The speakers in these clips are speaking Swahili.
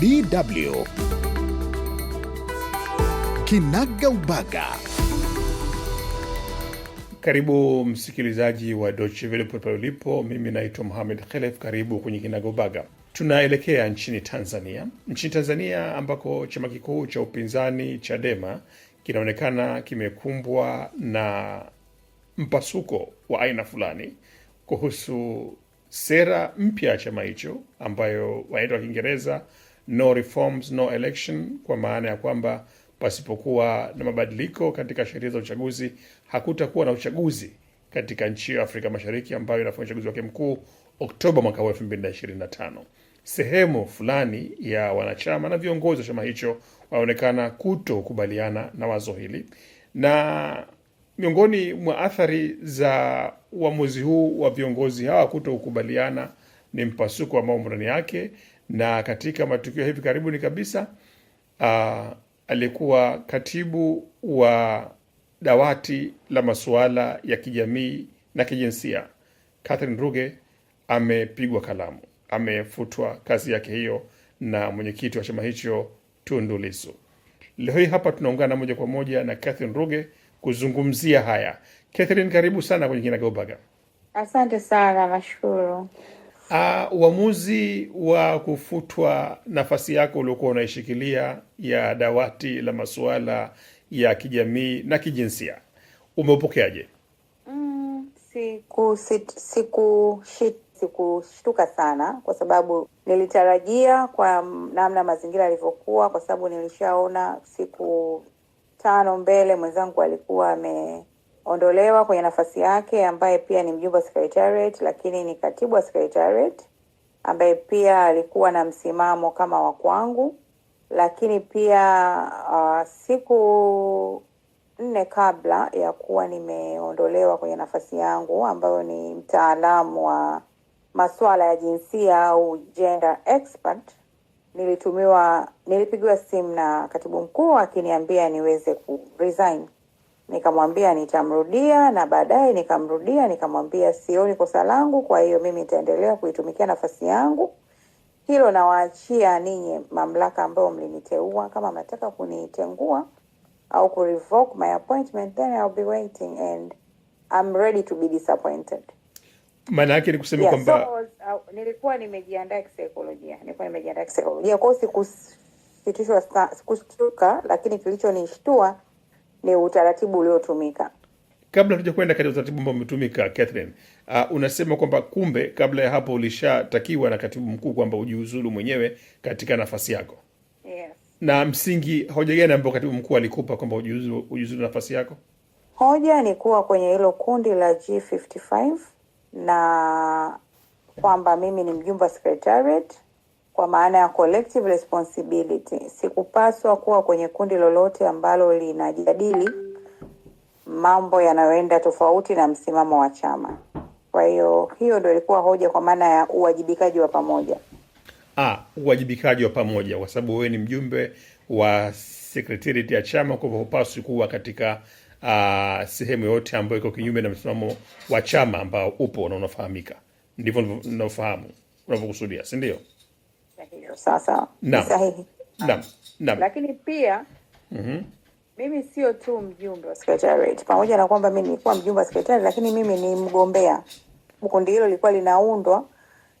BW. Kinaga Ubaga. Karibu msikilizaji wa Deutsche Welle popote ulipo. Mimi naitwa Mohamed Khelef. Karibu kwenye Kinaga Ubaga. Tunaelekea nchini Tanzania, nchini Tanzania ambako chama kikuu cha upinzani Chadema kinaonekana kimekumbwa na mpasuko wa aina fulani kuhusu sera mpya ya chama hicho ambayo wanaitwa wa Kiingereza no reforms no election, kwa maana ya kwamba pasipokuwa na mabadiliko katika sheria za uchaguzi hakutakuwa na uchaguzi katika nchi ya Afrika Mashariki ambayo inafanya uchaguzi wake mkuu Oktoba mwaka huu 2025. Sehemu fulani ya wanachama na viongozi wa chama hicho waonekana kutokubaliana na wazo hili, na miongoni mwa athari za uamuzi huu wa viongozi hawa kutokubaliana ni mpasuko wa mambo yake na katika matukio hivi karibuni kabisa uh, alikuwa katibu wa dawati la masuala ya kijamii na kijinsia Catherine Ruge amepigwa kalamu, amefutwa kazi yake hiyo na mwenyekiti wa chama hicho Tundu Lissu. Leo hii hapa tunaungana moja kwa moja na Catherine Ruge kuzungumzia haya. Catherine, karibu sana kwenye Kinagaubaga. Asante sana, nashukuru. Ah, uamuzi wa kufutwa nafasi yako uliokuwa unaishikilia ya dawati la masuala ya kijamii na kijinsia umeupokeaje? Mm, siku siku sikushtuka sana kwa sababu nilitarajia kwa namna mazingira yalivyokuwa, kwa sababu nilishaona siku tano mbele mwenzangu alikuwa ame ondolewa kwenye nafasi yake, ambaye pia ni mjumbe wa secretariat, lakini ni katibu wa secretariat ambaye pia alikuwa na msimamo kama wa kwangu, lakini pia uh, siku nne kabla ya kuwa nimeondolewa kwenye nafasi yangu ambayo ni mtaalamu wa masuala ya jinsia au gender expert, nilitumiwa nilipigiwa simu na katibu mkuu akiniambia niweze ku resign nikamwambia nitamrudia, na baadaye nikamrudia, nikamwambia sioni kosa langu, kwa hiyo mimi nitaendelea kuitumikia nafasi yangu. Hilo nawaachia ninyi, mamlaka ambayo mliniteua. Kama mnataka kunitengua au ku my appointment, then I'll be waiting and I'm ready to be disappointed. Maana yake ni kusema yeah, kwamba so, uh, nilikuwa nimejiandaa kisaikolojia, nilikuwa nimejiandaa kisaikolojia, kwa hiyo sikusitishwa, sikushtuka, lakini kilichonishtua ni utaratibu uliotumika. Kabla tuja kwenda katika utaratibu ambao umetumika, Catherine, uh, unasema kwamba kumbe kabla ya hapo ulishatakiwa na katibu mkuu kwamba ujiuzulu mwenyewe katika nafasi yako yes. Na msingi hoja gani ambao katibu mkuu alikupa kwamba ujiuzulu, ujiuzulu nafasi yako? Hoja ni kuwa kwenye hilo kundi la G55 na kwamba mimi ni mjumbe wa secretariat kwa maana ya collective responsibility. Sikupaswa kuwa kwenye kundi lolote ambalo linajadili mambo yanayoenda tofauti na msimamo wa chama. Kwa hiyo hiyo ndio ilikuwa hoja kwa maana ya uwajibikaji wa pamoja. Ah, uwajibikaji wa pamoja kwa sababu wewe ni mjumbe wa secretariat ya chama, kwa hivyo hupaswi kuwa katika uh, sehemu yoyote ambayo iko kinyume na msimamo wa chama ambao upo na unafahamika. Ndivyo unavyofahamu unavyokusudia, si ndio? sawa sawa, ni na, lakini pia mm -hmm. Mimi sio tu mjumbe wa secretariat, pamoja na kwamba mimi nilikuwa mjumbe wa secretariat, lakini mimi ni mgombea. Kundi hilo lilikuwa linaundwa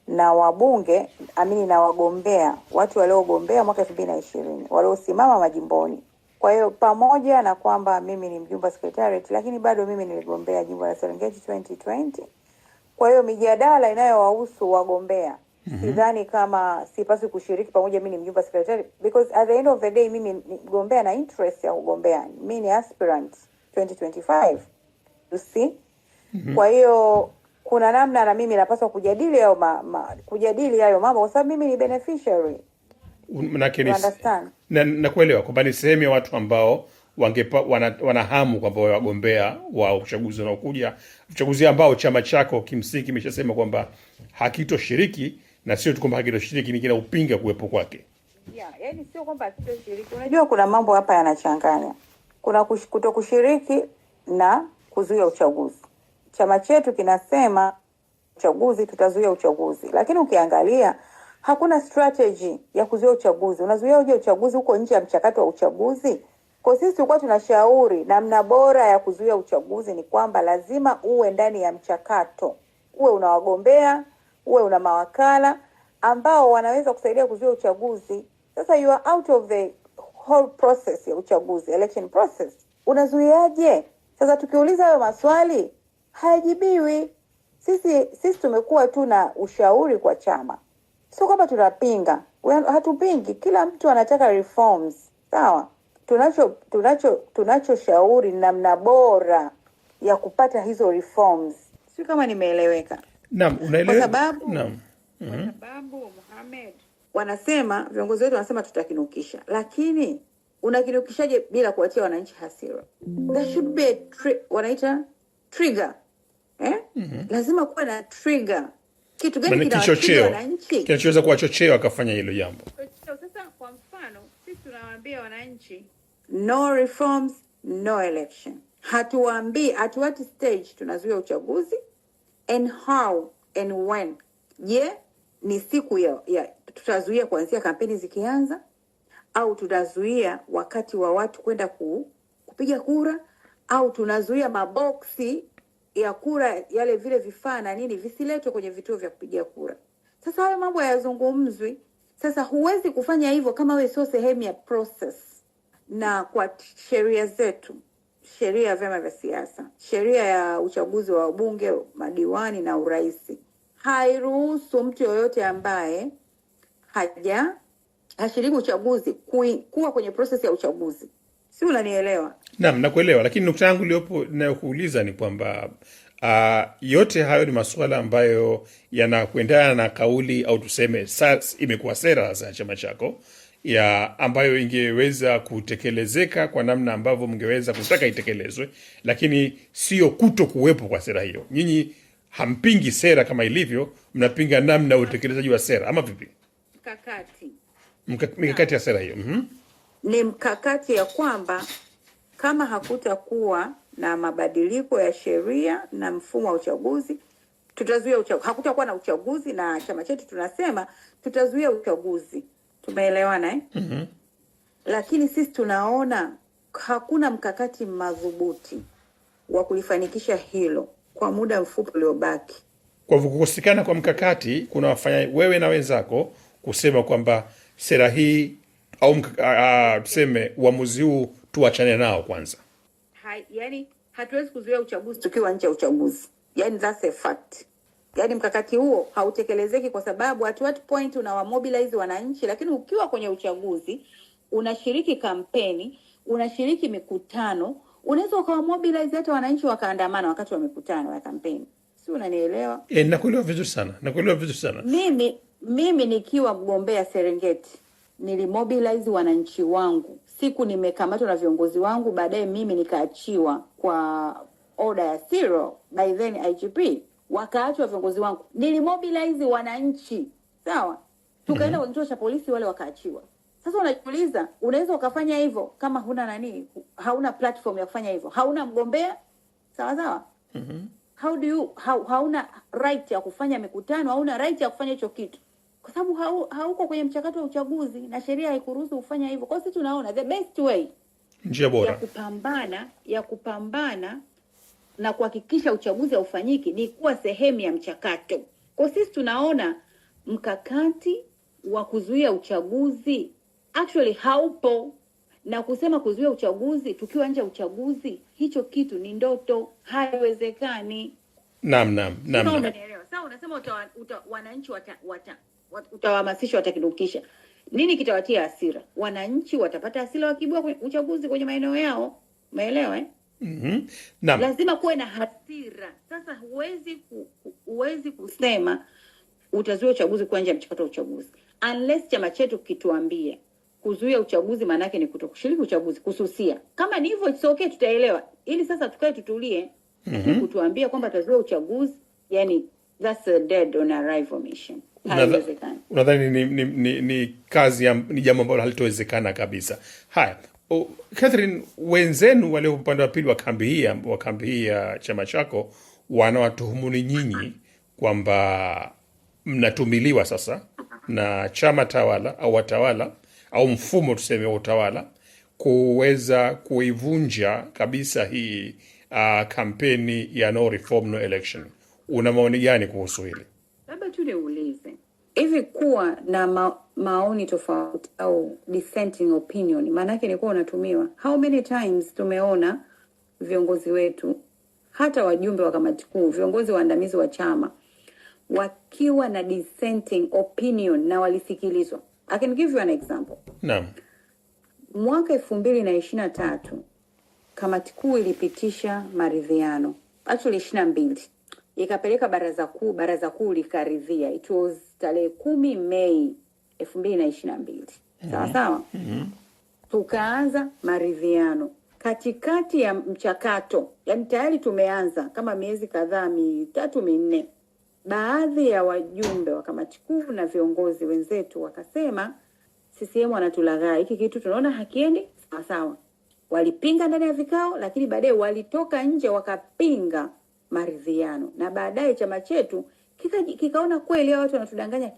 na wabunge amini na wagombea, watu waliogombea mwaka elfu mbili na ishirini waliosimama majimboni. Kwa hiyo pamoja na kwamba mimi ni mjumbe wa secretariat, lakini bado mimi niligombea jimbo la Serengeti 2020. Kwa hiyo mijadala inayowahusu wagombea mm -hmm. Sidhani kama sipaswi kushiriki pamoja, mi ni mjumbe sekretari, because at the end of the day mimi ni mgombea na interest ya kugombea, mi ni aspirant 2025 you see mm -hmm. Kwa hiyo kuna namna na mimi napaswa kujadili hayo ma, ma, kujadili hayo mambo kwa sababu mimi ni beneficiary nakuelewa na kwamba ni sehemu ya watu ambao wangepa, wana, wanahamu kwamba wagombea wa uchaguzi unaokuja, uchaguzi ambao chama chako kimsingi kimeshasema kwamba hakitoshiriki, na sio tu kwamba hakitashiriki, ni upinga kuwepo kwake. Yeah, yani sio kwamba Unajua kuna mambo hapa yanachanganya, kuna kutokushiriki na kuzuia uchaguzi. Chama chetu kinasema uchaguzi, tutazuia uchaguzi, lakini ukiangalia hakuna strategy ya kuzuia uchaguzi. Unazuia uje uchaguzi huko nje ya mchakato wa uchaguzi. Kwa sisi tulikuwa tunashauri namna bora ya kuzuia uchaguzi ni kwamba lazima uwe ndani ya mchakato, uwe unawagombea uwe una mawakala ambao wanaweza kusaidia kuzuia uchaguzi. Sasa you are out of the whole process ya uchaguzi, election process. Unazuiaje? Sasa tukiuliza hayo maswali hayajibiwi. Sisi sisi tumekuwa tu na ushauri kwa chama, sio kwamba tunapinga, hatupingi. Kila mtu anataka reforms, sawa. Tunacho tunacho tunachoshauri namna bora ya kupata hizo reforms, sio kama nimeeleweka. Naam, unaelewa? Kwa sababu naam, kwa mhm. sababu Mohamed, wanasema viongozi wetu wanasema tutakinukisha, lakini unakinukishaje bila kuwatia wananchi hasira? There should be a tri wanaita trigger eh? mm -hmm. Lazima kuwe na trigger, kitu gani kinachochea wananchi, kinachoweza kuwachochea wakafanya hilo jambo. Sasa kwa mfano, sisi tunawaambia wananchi no reforms, no election, hatuwaambii what stage, tunazuia uchaguzi and how and when. Je, ni siku ya, ya tutazuia kuanzia kampeni zikianza au tutazuia wakati wa watu kwenda ku, kupiga kura au tunazuia maboksi ya kura yale vile vifaa na nini visiletwe kwenye vituo vya kupigia kura. Sasa hayo mambo hayazungumzwi. Sasa huwezi kufanya hivyo kama wewe sio sehemu ya process, na kwa sheria zetu sheria ya vyama vya siasa, sheria ya uchaguzi wa wabunge, madiwani na urais hairuhusu mtu yoyote ambaye haja hashiriki uchaguzi kui, kuwa kwenye proses ya uchaguzi. Si unanielewa? Naam, nakuelewa, lakini nukta yangu iliyopo inayokuuliza ni kwamba Uh, yote hayo ni masuala ambayo yanakuendana na kauli au tuseme sasa imekuwa sera za chama chako ya ambayo ingeweza kutekelezeka kwa namna ambavyo mngeweza kutaka itekelezwe, lakini sio kuto kuwepo kwa sera hiyo. Nyinyi hampingi sera kama ilivyo, mnapinga namna utekelezaji wa sera, ama vipi? Mkakati, mikakati ya sera hiyo mm -hmm. ni mkakati ya kwamba kama hakutakuwa na mabadiliko ya sheria na mfumo wa uchaguzi tutazuia uchaguzi. Hakutakuwa na uchaguzi, na chama chetu tunasema tutazuia uchaguzi. Tumeelewana eh? mm -hmm. Lakini sisi tunaona hakuna mkakati madhubuti wa kulifanikisha hilo kwa muda mfupi uliobaki. Kwa kukosekana kwa mkakati kuna wafanya wewe na wenzako kusema kwamba sera hii au tuseme uamuzi huu tuachane nao kwanza. Hai, yani hatuwezi kuzuia uchaguzi tukiwa nje ya uchaguzi, yani that's a fact. Yaani mkakati huo hautekelezeki kwa sababu at what point unawamobilize wananchi, lakini ukiwa kwenye uchaguzi unashiriki kampeni, unashiriki mikutano, unaweza ukawamobilize hata wananchi wakaandamana wakati wa mikutano ya kampeni. Si unanielewa? E, nakuelewa vizuri sana, nakuelewa vizuri sana. Mimi mimi nikiwa mgombea Serengeti nilimobilize wananchi wangu siku nimekamatwa na viongozi wangu, baadaye mimi nikaachiwa kwa oda ya Siro by then IGP wakaachwa viongozi wangu, nilimobilize wananchi sawa, tukaenda kwenye mhm. kituo cha polisi, wale wakaachiwa. Sasa unajiuliza, unaweza ukafanya hivyo kama huna nani, hauna platform ya kufanya hivyo, hauna mgombea sawa sawa. mm -hmm. How do you ha, hauna right ya kufanya mikutano, hauna right ya kufanya hicho kitu kwa sababu hau, hauko kwenye mchakato wa uchaguzi na sheria haikuruhusu kufanya hivyo. Kwa hiyo sisi tunaona the best way, njia bora ya kupambana ya kupambana na kuhakikisha uchaguzi haufanyiki ni kuwa sehemu ya mchakato. Kwa sisi tunaona mkakati wa kuzuia uchaguzi actually haupo, na kusema kuzuia uchaguzi tukiwa nje ya uchaguzi, hicho kitu ni ndoto, haiwezekani. Naam, naam, naam, Sasa unasema wananchi utawahamasisha wata, nini? Kitawatia hasira wananchi, watapata hasira wakibua uchaguzi kwenye maeneo yao, maelewa eh? mm -hmm. Lazima kuwe na hasira. Sasa huwezi ku, kusema utazuia uchaguzi kuwa nje ya mchakato wa uchaguzi unless chama chetu kituambie kuzuia uchaguzi maanaake ni kutokushiriki uchaguzi, kususia. Kama ni hivyo, it's okay, tutaelewa. Ili sasa tukae tutulie, mm -hmm. kutuambia kwamba tazuia uchaguzi, yani that's a dead on arrival mission. Unadhani ni, ni, ni, ni kazi ya, ni jambo ambalo halitowezekana kabisa. Haya. Oh, Catherine, wenzenu walio upande wa pili wa kambi hii wa kambi hii ya chama chako wanawatuhumuni nyinyi kwamba mnatumiliwa sasa na chama tawala au watawala au mfumo tuseme wa utawala kuweza kuivunja kabisa hii uh, kampeni ya no reform no election. Una maoni gani kuhusu hili? Labda tu niulize hivi kuwa na ma, maoni tofauti au dissenting opinion maanake nikuwa unatumiwa. How many times tumeona viongozi wetu hata wajumbe wa kamati kuu, viongozi waandamizi wa chama wakiwa na dissenting opinion na walisikilizwa. I can give you an example. mwaka elfu mbili na ishirini na tatu kamati kuu ilipitisha maridhiano, actually ishirini na mbili ikapeleka baraza kuu, baraza kuu likaridhia. It was tarehe kumi Mei elfu mbili na ishirini na mbili eh. sawa sawa. Mm-hmm. Tukaanza maridhiano katikati ya mchakato, yani tayari tumeanza kama miezi kadhaa mitatu minne, baadhi ya wajumbe wa kamati kuu na viongozi wenzetu wakasema CCM wanatulaghai, hiki kitu tunaona hakiendi sawasawa. Walipinga ndani ya vikao, lakini baadaye walitoka nje wakapinga maridhiano, na baadaye chama chetu kikaona kika kweli watu wanatudanganya,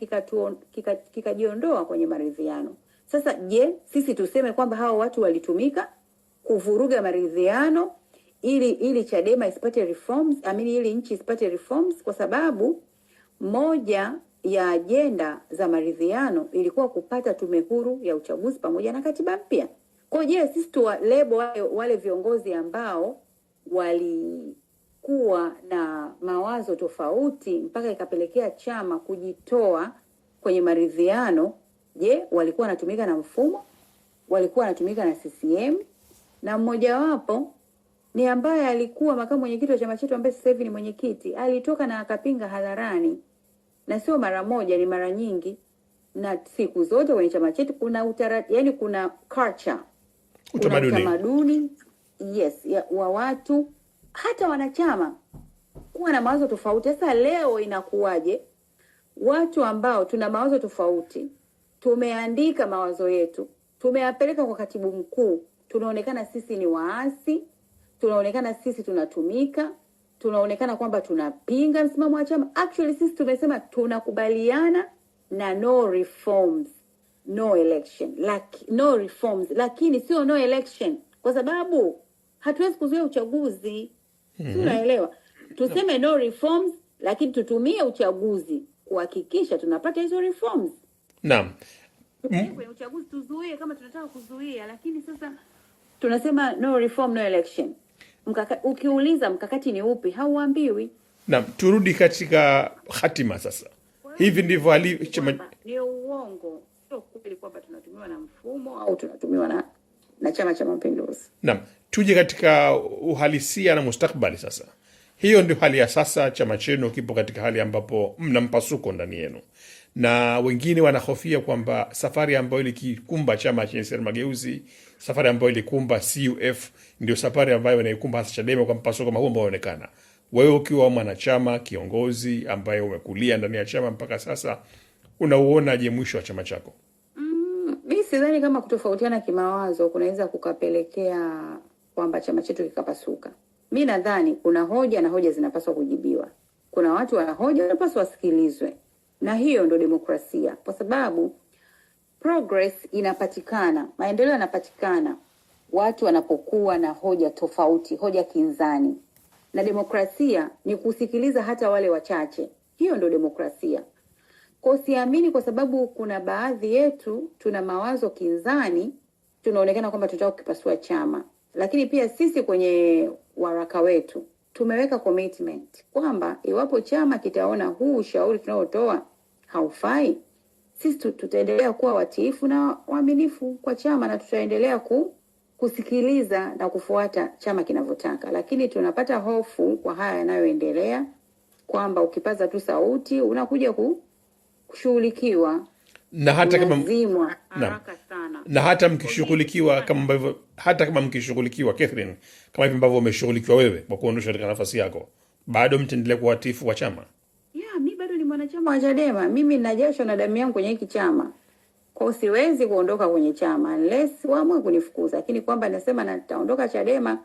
kikajiondoa kika kwenye maridhiano. Sasa je, sisi tuseme kwamba hao watu walitumika kuvuruga maridhiano ili ili Chadema isipate reforms, amini ili nchi isipate reforms, kwa sababu moja ya ajenda za maridhiano ilikuwa kupata tume huru ya uchaguzi pamoja na katiba mpya. Kwa je, sisi tuwalebo wale, wale viongozi ambao wali kuwa na mawazo tofauti mpaka ikapelekea chama kujitoa kwenye maridhiano. Je, walikuwa wanatumika na mfumo? Walikuwa wanatumika na CCM? Na mmojawapo ni ambaye alikuwa makamu mwenyekiti wa chama chetu ambaye sasa hivi ni mwenyekiti, alitoka na akapinga hadharani, na sio mara moja, ni mara nyingi na siku zote kwenye chama chetu kuna utara, yani kuna culture, utamaduni, yes, ya, wa watu hata wanachama kuwa na mawazo tofauti. Sasa leo inakuwaje? Watu ambao tuna mawazo tofauti, tumeandika mawazo yetu, tumeyapeleka kwa katibu mkuu, tunaonekana sisi ni waasi, tunaonekana sisi tunatumika, tunaonekana kwamba tunapinga msimamo wa chama. Actually sisi tumesema tunakubaliana na no reforms no election laki, no reforms, lakini sio no election, kwa sababu hatuwezi kuzuia uchaguzi mm. Unaelewa, tuseme no reforms, lakini tutumie uchaguzi kuhakikisha tunapata hizo reforms. Naam, mm. kwenye uchaguzi tuzuie, kama tunataka kuzuia, lakini sasa tunasema no reform no election. Mkaka, ukiuliza mkakati ni upi, hauambiwi. Naam, turudi katika hatima sasa. Hivi ndivyo hali ni uongo, sio kweli kwamba tunatumiwa na mfumo au tunatumiwa na na Chama cha Mapinduzi. Naam tuje katika uhalisia na mustakbali sasa. Hiyo ndio hali ya sasa. Chama chenu kipo katika hali ambapo mna mpasuko ndani yenu, na wengine wanahofia kwamba safari ambayo ilikikumba chama cha NCCR Mageuzi, safari ambayo ilikumba CUF, ndio safari ambayo inaikumba hasa Chadema kwa mpasuko mahuu ambao unaonekana. Wewe ukiwa mwanachama kiongozi ambaye umekulia ndani ya chama mpaka sasa, unauonaje mwisho wa chama chako? mm, mi Sidhani kama kutofautiana kimawazo kunaweza kukapelekea kwamba chama chetu kikapasuka. Mi nadhani kuna hoja na hoja zinapaswa kujibiwa. Kuna watu wana hoja wanapaswa wasikilizwe, na hiyo ndo demokrasia, kwa sababu progress inapatikana, maendeleo yanapatikana watu wanapokuwa na hoja tofauti, hoja kinzani. Na demokrasia ni kusikiliza hata wale wachache, hiyo ndo demokrasia. Kwa siamini, kwa sababu kuna baadhi yetu tuna mawazo kinzani, tunaonekana kwamba tutaka kukipasua chama. Lakini pia sisi kwenye waraka wetu tumeweka commitment kwamba iwapo chama kitaona huu ushauri tunaotoa haufai, sisi tutaendelea kuwa watiifu na waaminifu kwa chama na tutaendelea ku, kusikiliza na kufuata chama kinavyotaka. Lakini tunapata hofu kwa haya yanayoendelea kwamba ukipaza tu sauti unakuja kushughulikiwa na hata kama na hata mkishughulikiwa kama ambavyo hata kama mkishughulikiwa Catherine, kama hivi ambavyo umeshughulikiwa wewe kwa kuondoshwa katika nafasi yako, bado mtaendelea kuwa watifu wa chama? Yeah, mi bado ni mwanachama wa Chadema, mimi na na damu yangu kwenye hiki chama, kwa siwezi kuondoka kwenye chama unless waamue kunifukuza, lakini kwamba nasema nitaondoka Chadema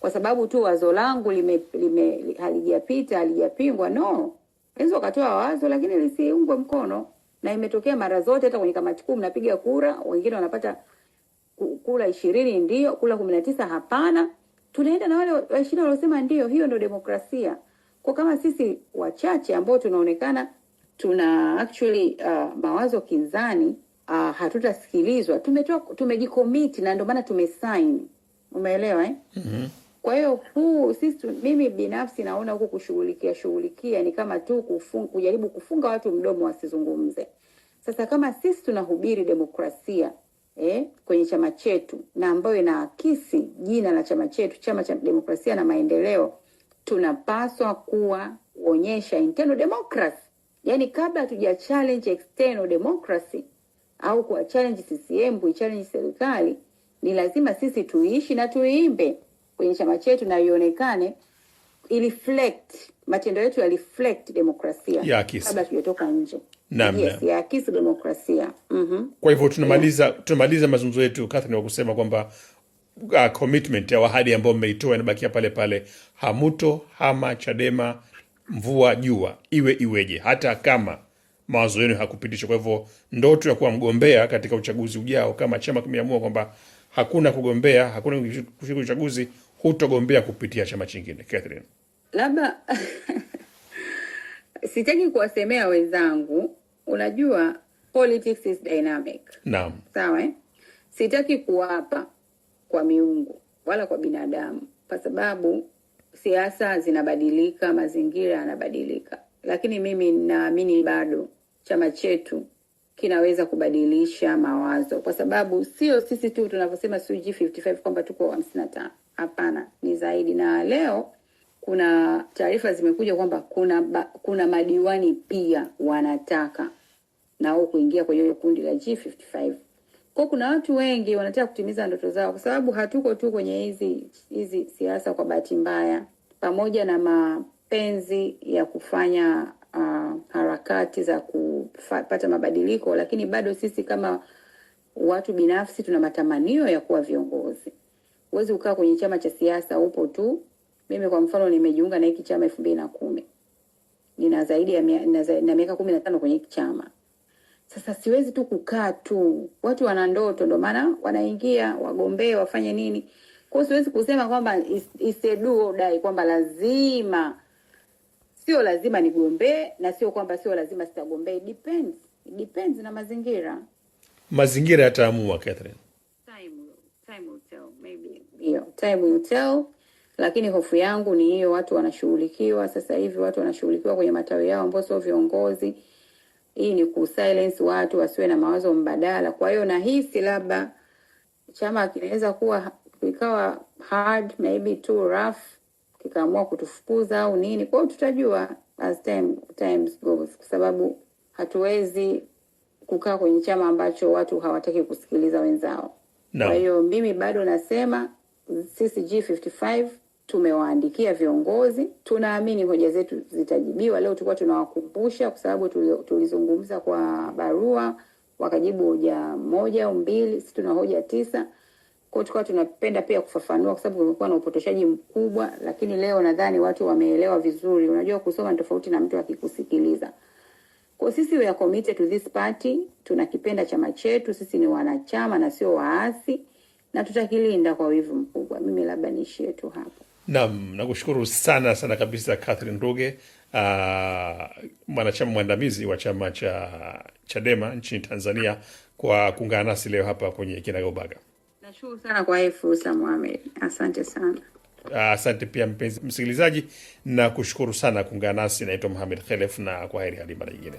kwa sababu tu wazo langu lime, lime halijapita halijapingwa, no, inaweza ukatoa wazo lakini lisiungwe mkono na imetokea mara zote, hata kwenye kamati kuu mnapiga kura, wengine wanapata kula ishirini ndio, kula kumi na tisa hapana. Tunaenda na wale waishirini waliosema ndio. Hiyo ndo demokrasia. Kwa kama sisi wachache ambao tunaonekana tuna actually uh, mawazo kinzani uh, hatutasikilizwa. Tumetoa tumejikomiti, na ndio maana tumesaini. Umeelewa eh? mm -hmm. Kwa hiyo huu sisi, mimi binafsi naona huku kushughulikia shughulikia ni kama tu kufung, kujaribu kufunga watu mdomo wasizungumze. Sasa kama sisi tunahubiri demokrasia eh, kwenye chama chetu na ambayo inaakisi jina la chama chetu, chama cha demokrasia na maendeleo, tunapaswa kuwa kuonyesha internal democracy, yaani kabla hatuja challenge external democracy au kuwa challenge CCM, kuichallenge serikali, ni lazima sisi tuishi na tuimbe kwenye chama chetu na ionekane reflect matendo yetu ya reflect demokrasia ya kabla tujatoka nje. Naam, yes, naam. Yaakisi demokrasia. Mm -hmm. Kwa hivyo tunamaliza, yeah. Tunamaliza mazungumzo yetu Catherine, wa kusema kwamba uh, commitment ya wahadi ambayo mmeitoa inabakia pale pale, hamuto hama Chadema mvua jua iwe iweje, hata kama mawazo yenu hakupitishwa. Kwa hivyo ndoto ya kuwa mgombea katika uchaguzi ujao, kama chama kimeamua kwamba hakuna kugombea, hakuna kushiriki uchaguzi hutogombea kupitia chama chingine Catherine? Labda sitaki kuwasemea wenzangu, unajua politics is dynamic. Naam, sawa eh? Sitaki kuwapa kwa miungu wala kwa binadamu, kwa sababu siasa zinabadilika, mazingira yanabadilika, lakini mimi ninaamini bado chama chetu kinaweza kubadilisha mawazo, kwa sababu sio sisi tu tunavyosema sijui 55 kwamba tuko hamsini na tano Hapana, ni zaidi. Na leo kuna taarifa zimekuja kwamba kuna ba, kuna madiwani pia wanataka nao kuingia kwenye hiyo kundi la G55. Kwa kuna watu wengi wanataka kutimiza ndoto zao, kwa sababu hatuko tu kwenye hizi hizi siasa kwa bahati mbaya, pamoja na mapenzi ya kufanya uh, harakati za kupata mabadiliko, lakini bado sisi kama watu binafsi tuna matamanio ya kuwa viongozi. Huwezi kukaa kwenye chama cha siasa upo tu. Mimi kwa mfano nimejiunga na hiki chama elfu mbili na kumi nina zaidi ya na miaka kumi na tano kwenye hiki chama. Sasa siwezi tu kukaa tu, watu wana ndoto, ndo maana wanaingia wagombee, wafanye nini. Kwa hiyo siwezi kusema kwamba iseduo dai kwamba lazima, sio lazima nigombee, na sio kwamba sio lazima sitagombee. Depends, depends na mazingira, mazingira yataamua Catherine. Time, time hiyo, time will tell, lakini hofu yangu ni hiyo, watu wanashughulikiwa sasa hivi, watu wanashughulikiwa kwenye matawi yao ambao sio viongozi. Hii ni ku silence watu wasiwe na mawazo mbadala. Kwa hiyo nahisi labda chama kinaweza kuwa ikawa hard maybe too rough, kikaamua kutufukuza au nini. Kwa hiyo tutajua as time, times goes, kwa sababu hatuwezi kukaa kwenye chama ambacho watu hawataki kusikiliza wenzao. No. Kwa hiyo mimi bado nasema CCG 55 tumewaandikia viongozi, tunaamini hoja zetu zitajibiwa. Leo tulikuwa tunawakumbusha kwa sababu tulizungumza kwa barua, wakajibu hoja moja au mbili, sisi tuna hoja tisa. Kwa hiyo tulikuwa tunapenda pia kufafanua kwa sababu kumekuwa na upotoshaji mkubwa, lakini leo nadhani watu wameelewa vizuri. Unajua, kusoma ni tofauti na mtu akikusikiliza. Kwa sisi we are committed to this party, tunakipenda chama chetu, sisi ni wanachama na sio waasi na tutakilinda kwa wivu mkubwa. Mimi labda niishie tu hapo. Naam, nakushukuru sana sana kabisa Catherine Ruge, uh, ah, mwanachama mwandamizi wa chama cha Chadema nchini Tanzania kwa kuungana nasi leo hapa kwenye Kinagaubaga. Nashukuru sana kwa hii fursa Mohamed, asante sana. Ah, asante pia mpenzi msikilizaji, na kushukuru sana kuungana nasi. Naitwa Mohamed Khelef na kwa heri hadi mara nyingine.